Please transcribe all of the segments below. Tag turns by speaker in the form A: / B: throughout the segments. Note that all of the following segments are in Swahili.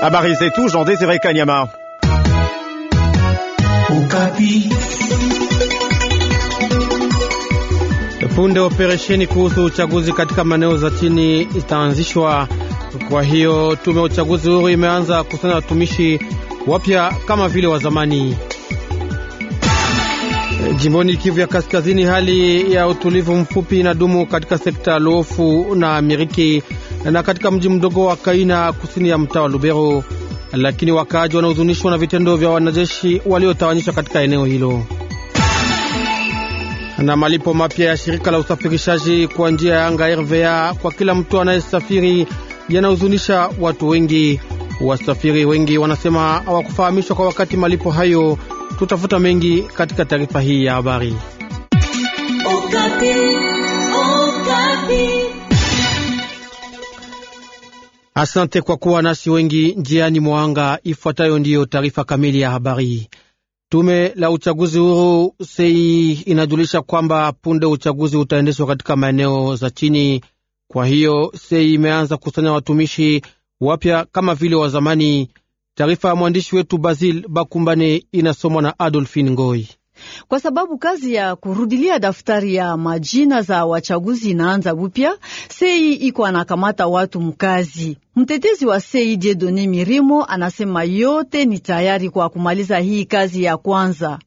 A: Habari zetu Jean Desire Kanyama.
B: Punde operesheni kuhusu uchaguzi katika maeneo za chini itaanzishwa. Kwa hiyo tume ya uchaguzi huru imeanza kusanya watumishi wapya kama vile wa zamani. Jimboni Kivu ya Kaskazini, hali ya utulivu mfupi inadumu katika sekta ya luofu na miriki na katika mji mdogo wa Kaina kusini ya mtaa wa Lubero, lakini wakaaji wanahuzunishwa na vitendo vya wanajeshi waliotawanyishwa katika eneo hilo. Na malipo mapya ya shirika la usafirishaji kwa njia ya anga RVA kwa kila mtu anayesafiri yanahuzunisha watu wengi. Wasafiri wengi wanasema hawakufahamishwa kwa wakati malipo hayo Tutafuta mengi katika taarifa hii ya habari. Asante kwa kuwa nasi wengi njiani mwanga. Ifuatayo ndiyo taarifa kamili ya habari. Tume la uchaguzi huru sei inajulisha kwamba punde uchaguzi utaendeshwa katika maeneo za chini. Kwa hiyo sei imeanza kusanya watumishi wapya kama vile wa zamani. Taarifa ya mwandishi wetu Basil Bakumbane inasomwa na Adolfin Ngoi.
C: Kwa sababu kazi ya kurudilia daftari ya majina za wachaguzi inaanza upya, sei iko anakamata watu mkazi. Mtetezi wa sei Diedone Mirimo anasema yote ni tayari kwa kumaliza hii kazi ya kwanza.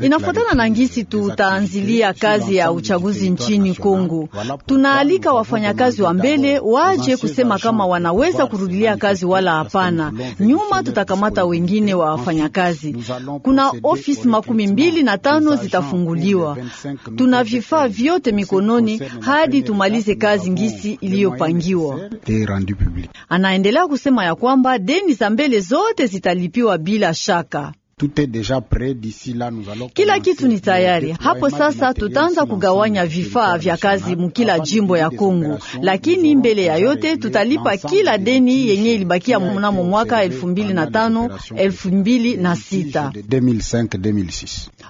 C: Inafuatana na ngisi tutaanzilia kazi ya uchaguzi nchini Kongo. Tunaalika wafanyakazi wa mbele waje kusema kama wanaweza kurudilia kazi wala hapana. Nyuma tutakamata wengine wa wafanyakazi. Kuna ofisi makumi mbili na tano zitafunguliwa. Tuna vifaa vyote mikononi hadi tumalize kazi ngisi iliyopangiwa. Anaendelea kusema ya kwamba deni za mbele zote zitalipiwa bila shaka kila kitu ni tayari hapo sasa tutaanza kugawanya vifaa vya kazi mukila jimbo ya Kongo lakini mbele ya yote tutalipa kila deni yenye ilibakia mnamo mwaka elfu mbili na sita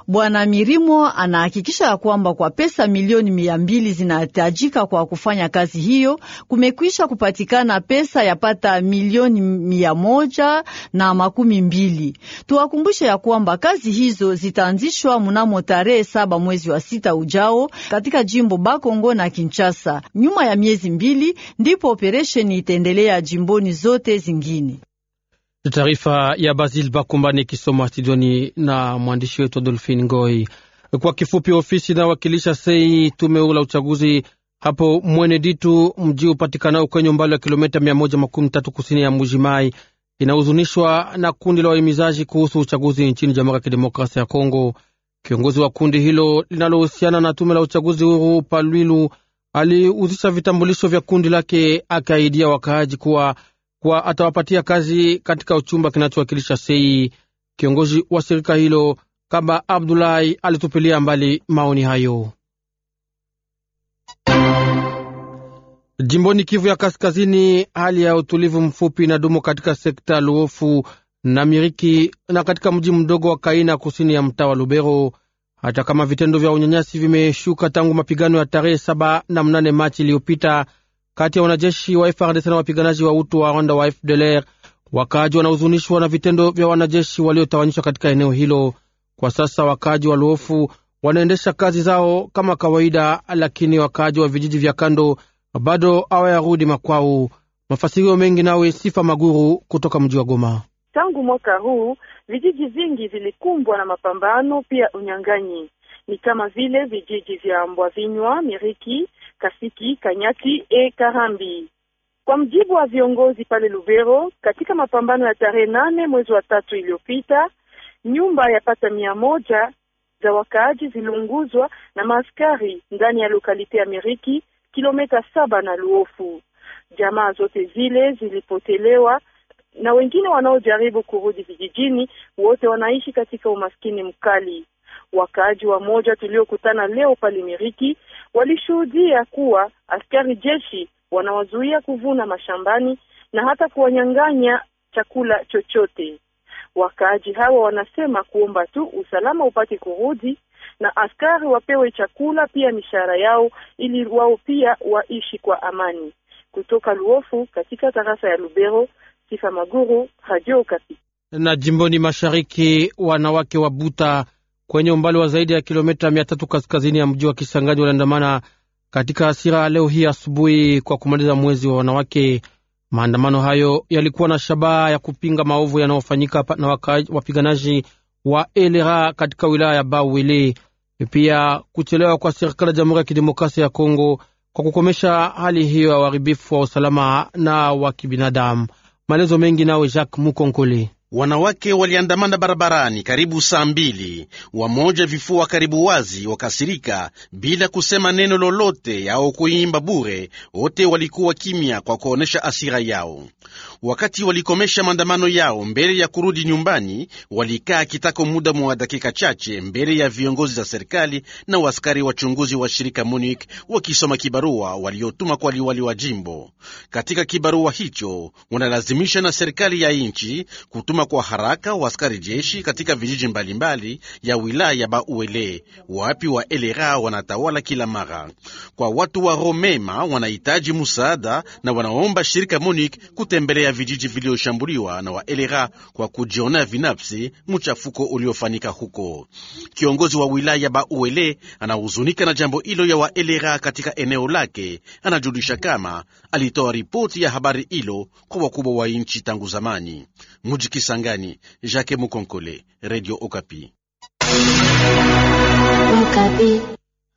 C: Bwana Mirimo anahakikisha ya kwamba kwa pesa milioni mia mbili zinahitajika kwa kufanya kazi hiyo kumekwisha kupatikana pesa yapata milioni mia moja na makumi mbili tuwakumbushe Tujulishe ya kwamba kazi hizo zitaanzishwa mnamo tarehe saba mwezi wa sita ujao katika jimbo Bakongo na Kinshasa. Nyuma ya miezi mbili ndipo operesheni itaendelea jimboni zote zingine.
B: Taarifa ya Basil Bakumbani kisoma studioni na mwandishi wetu Adolfin Ngoi. Kwa kifupi, ofisi inayowakilisha sei tume huru la uchaguzi hapo Mwene Ditu, mji upatikanao kwenye umbali wa kilomita mia moja makumi tatu kusini ya Mbuji Mai inahuzunishwa na kundi la wahimizaji kuhusu uchaguzi nchini Jamhuri ya Kidemokrasia ya Kongo. Kiongozi wa kundi hilo linalohusiana na tume la uchaguzi huru Palwilu alihuzisha vitambulisho vya kundi lake, akaidia wakaaji kuwa kwa atawapatia kazi katika uchumba kinachowakilisha sei. Kiongozi wa shirika hilo kama Abdulahi alitupilia mbali maoni hayo. Jimboni Kivu ya Kaskazini, hali ya utulivu mfupi inadumu katika sekta ya Luofu na Miriki na katika mji mdogo wa Kaina kusini ya mtaa wa Lubero, hata kama vitendo vya unyanyasi vimeshuka tangu mapigano ya tarehe saba na mnane Machi iliyopita kati ya wanajeshi wa FRDC na wapiganaji wa utu wa Rwanda wa FDLR. Wakaaji wanahuzunishwa na vitendo vya wanajeshi waliotawanyishwa katika eneo hilo. Kwa sasa wakaaji wa Luofu wanaendesha kazi zao kama kawaida, lakini wakaaji wa vijiji vya kando bado hawayarudi makwao. Mafasirio mengi nawe Sifa Maguru kutoka mji wa Goma.
D: Tangu mwaka huu vijiji vingi vilikumbwa na mapambano pia unyang'anyi, ni kama vile vijiji vya Mbwavinywa, Miriki, Kasiki, Kanyati e Karambi. Kwa mjibu wa viongozi pale Lubero, katika mapambano ya tarehe nane mwezi wa tatu iliyopita, nyumba ya pata mia moja za wakaaji ziliunguzwa na maaskari ndani ya lokalite ya Miriki kilomita saba na Luofu. Jamaa zote zile zilipotelewa na wengine wanaojaribu kurudi vijijini, wote wanaishi katika umaskini mkali. Wakaaji wa moja tuliokutana leo pale Miriki walishuhudia kuwa askari jeshi wanawazuia kuvuna mashambani na hata kuwanyang'anya chakula chochote. Wakaaji hawa wanasema kuomba tu usalama upate kurudi na askari wapewe chakula pia mishahara yao, ili wao pia waishi kwa amani. Kutoka Luofu katika tarasa ya Lubero, Sifa Maguru, Radio Okapi.
B: Na jimboni mashariki, wanawake wa Buta kwenye umbali wa zaidi ya kilomita mia tatu kaskazini ya mji wa Kisangani waliandamana katika hasira leo hii asubuhi kwa kumaliza mwezi wa wanawake. Maandamano hayo yalikuwa na shabaha ya kupinga maovu yanayofanyika na wapiganaji wa Elera katika wilaya ya Bawele. Pia kuchelewa kwa serikali ya Jamhuri ya Kidemokrasia ya Kongo kwa kukomesha hali hiyo ya uharibifu wa usalama na wa kibinadamu. Maelezo mengi nawe Jacques Mukonkoli.
A: Wanawake waliandamana barabarani karibu saa mbili, wamoja vifua karibu wazi, wakasirika bila kusema neno lolote yao kuimba bure. Wote walikuwa kimya kwa kuonyesha asira yao. Wakati walikomesha maandamano yao mbele ya kurudi nyumbani, walikaa kitako muda mwa dakika chache mbele ya viongozi za serikali na waskari wachunguzi wa shirika MONUC wakisoma kibarua waliotuma kwa liwali wa jimbo. Katika kibarua hicho, wanalazimisha na serikali ya nchi kutuma kwa haraka waskari jeshi katika vijiji mbalimbali ya wilaya Bauele wapi wa elera wanatawala kila mara. Kwa watu wa Romema wanahitaji msaada na wanaomba shirika MONUC kutembelea ya vijiji vilioshambuliwa na wa elera kwa kujionea vinafsi mchafuko uliofanyika huko. Kiongozi wa wilaya Bauele anahuzunika na jambo hilo ya wa elera katika eneo lake. Anajulisha kama alitoa ripoti ya habari hilo kwa wakubwa wa nchi tangu zamani. Muji Kisangani, Jacques Mukonkole, Radio Okapi.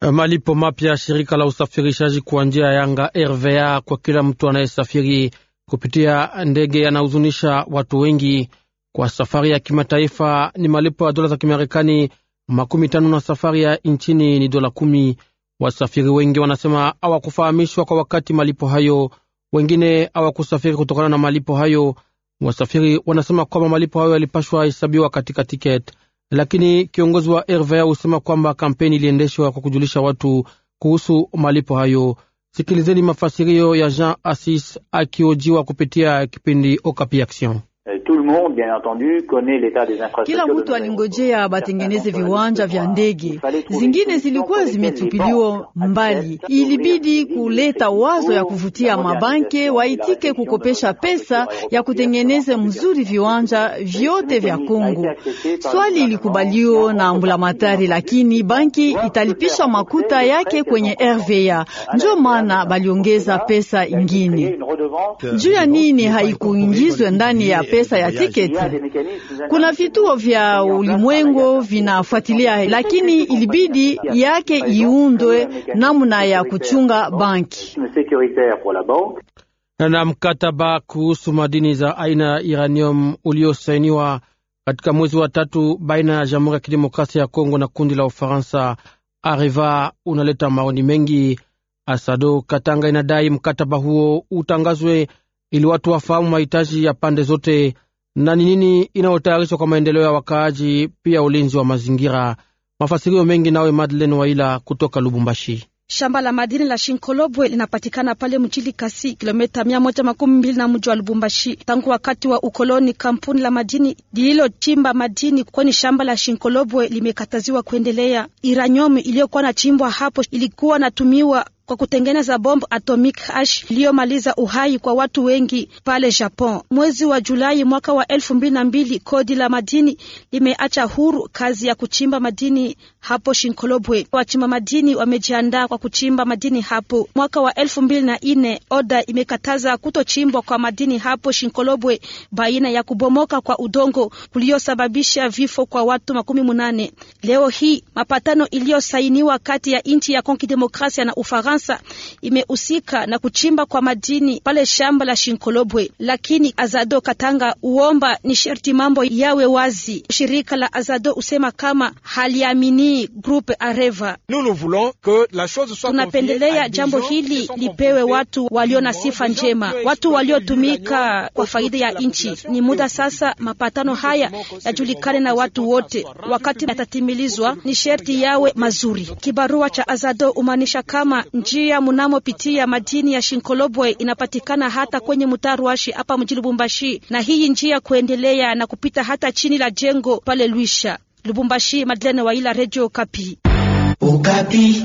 B: Eh, malipo mapya shirika la usafirishaji kwa njia ya yanga RVA kwa kila mtu anayesafiri kupitia ndege yanahuzunisha watu wengi. Kwa safari ya kimataifa ni malipo ya dola za Kimarekani makumi tano na safari ya nchini ni dola kumi. Wasafiri wengi wanasema hawakufahamishwa kwa wakati malipo hayo, wengine hawakusafiri kutokana na malipo hayo. Wasafiri wanasema kwamba malipo hayo yalipashwa hesabiwa katika tiketi, lakini kiongozi wa RVA husema kwamba kampeni iliendeshwa kwa kujulisha watu kuhusu malipo hayo. Sikilizeni mafasirio ya Jean Assis akiojiwa kupitia kipindi Okapi Action.
A: Eh, Tout le monde, bien entendu, connaît l'état des infrastructures. Kila mtu
C: alingojea batengeneze viwanja vya ndege, zingine zilikuwa zimetupiliwa mbali. Ilibidi kuleta wazo ya kuvutia mabanke waitike kukopesha pesa ya kutengeneze mzuri viwanja vyote vya Kongo. Swali ilikubaliwa na matari lakini banki italipisha makuta yake kwenye RVA, njo maana baliongeza pesa ingine. Juu ya nini haikuingizwe ndani ya pesa ya tiketi. Kuna vituo vya ulimwengu vinafuatilia, lakini ilibidi yake iundwe namna ya kuchunga banki
B: na mkataba kuhusu madini za aina ya iranium uliosainiwa katika mwezi wa tatu baina ya Jamhuri ya Kidemokrasia ya Kongo na kundi la Ufaransa Areva unaleta maoni mengi. Asado Katanga inadai mkataba huo utangazwe ili watu wafahamu mahitaji ya pande zote na ni nini inayotayarishwa kwa maendeleo ya wakaaji, pia ulinzi wa mazingira. Mafasirio mengi nawe Madeleine Waila kutoka Lubumbashi.
E: Shamba la madini la Shinkolobwe linapatikana pale mjini Kasi, kilomita mia moja makumi mbili na mji wa Lubumbashi. Tangu wakati wa ukoloni, kampuni la madini lililochimba madini kwenye shamba la Shinkolobwe limekataziwa kuendelea. Iranyomi iliyokuwa na chimbwa hapo ilikuwa natumiwa kwa kutengeneza bombu atomic ash iliyomaliza uhai kwa watu wengi pale Japon. Mwezi wa Julai mwaka wa elfu mbili na mbili, kodi la madini limeacha huru kazi ya kuchimba madini hapo Shinkolobwe. Wachimba madini wamejiandaa kwa kuchimba madini hapo. Mwaka wa elfu mbili na nne, oda imekataza kutochimbwa kwa madini hapo Shinkolobwe baina ya kubomoka kwa udongo kuliosababisha vifo kwa watu makumi munane. Leo hii mapatano iliyosainiwa kati ya nchi ya Kongi Demokrasia na Ufaransa Ufaransa imehusika na kuchimba kwa madini pale shamba la Shinkolobwe, lakini Azado Katanga uomba ni sherti mambo yawe wazi. Shirika la Azado husema kama haliamini grup Areva. Tunapendelea jambo hili lipewe watu walio na sifa njema, watu waliotumika kwa faida ya nchi. Ni muda sasa mapatano haya yajulikane na watu wote. Wakati yatatimilizwa, ni sherti yawe mazuri. Kibarua cha Azado humaanisha kama nchi njia munamopitia madini ya Shinkolobwe inapatikana hata kwenye mtaa Ruashi hapa mjini Lubumbashi, na hii njia kuendelea na kupita hata chini la jengo pale Luisha Lubumbashi. Madlene Waila, Radio Kapi,
C: Ukapi.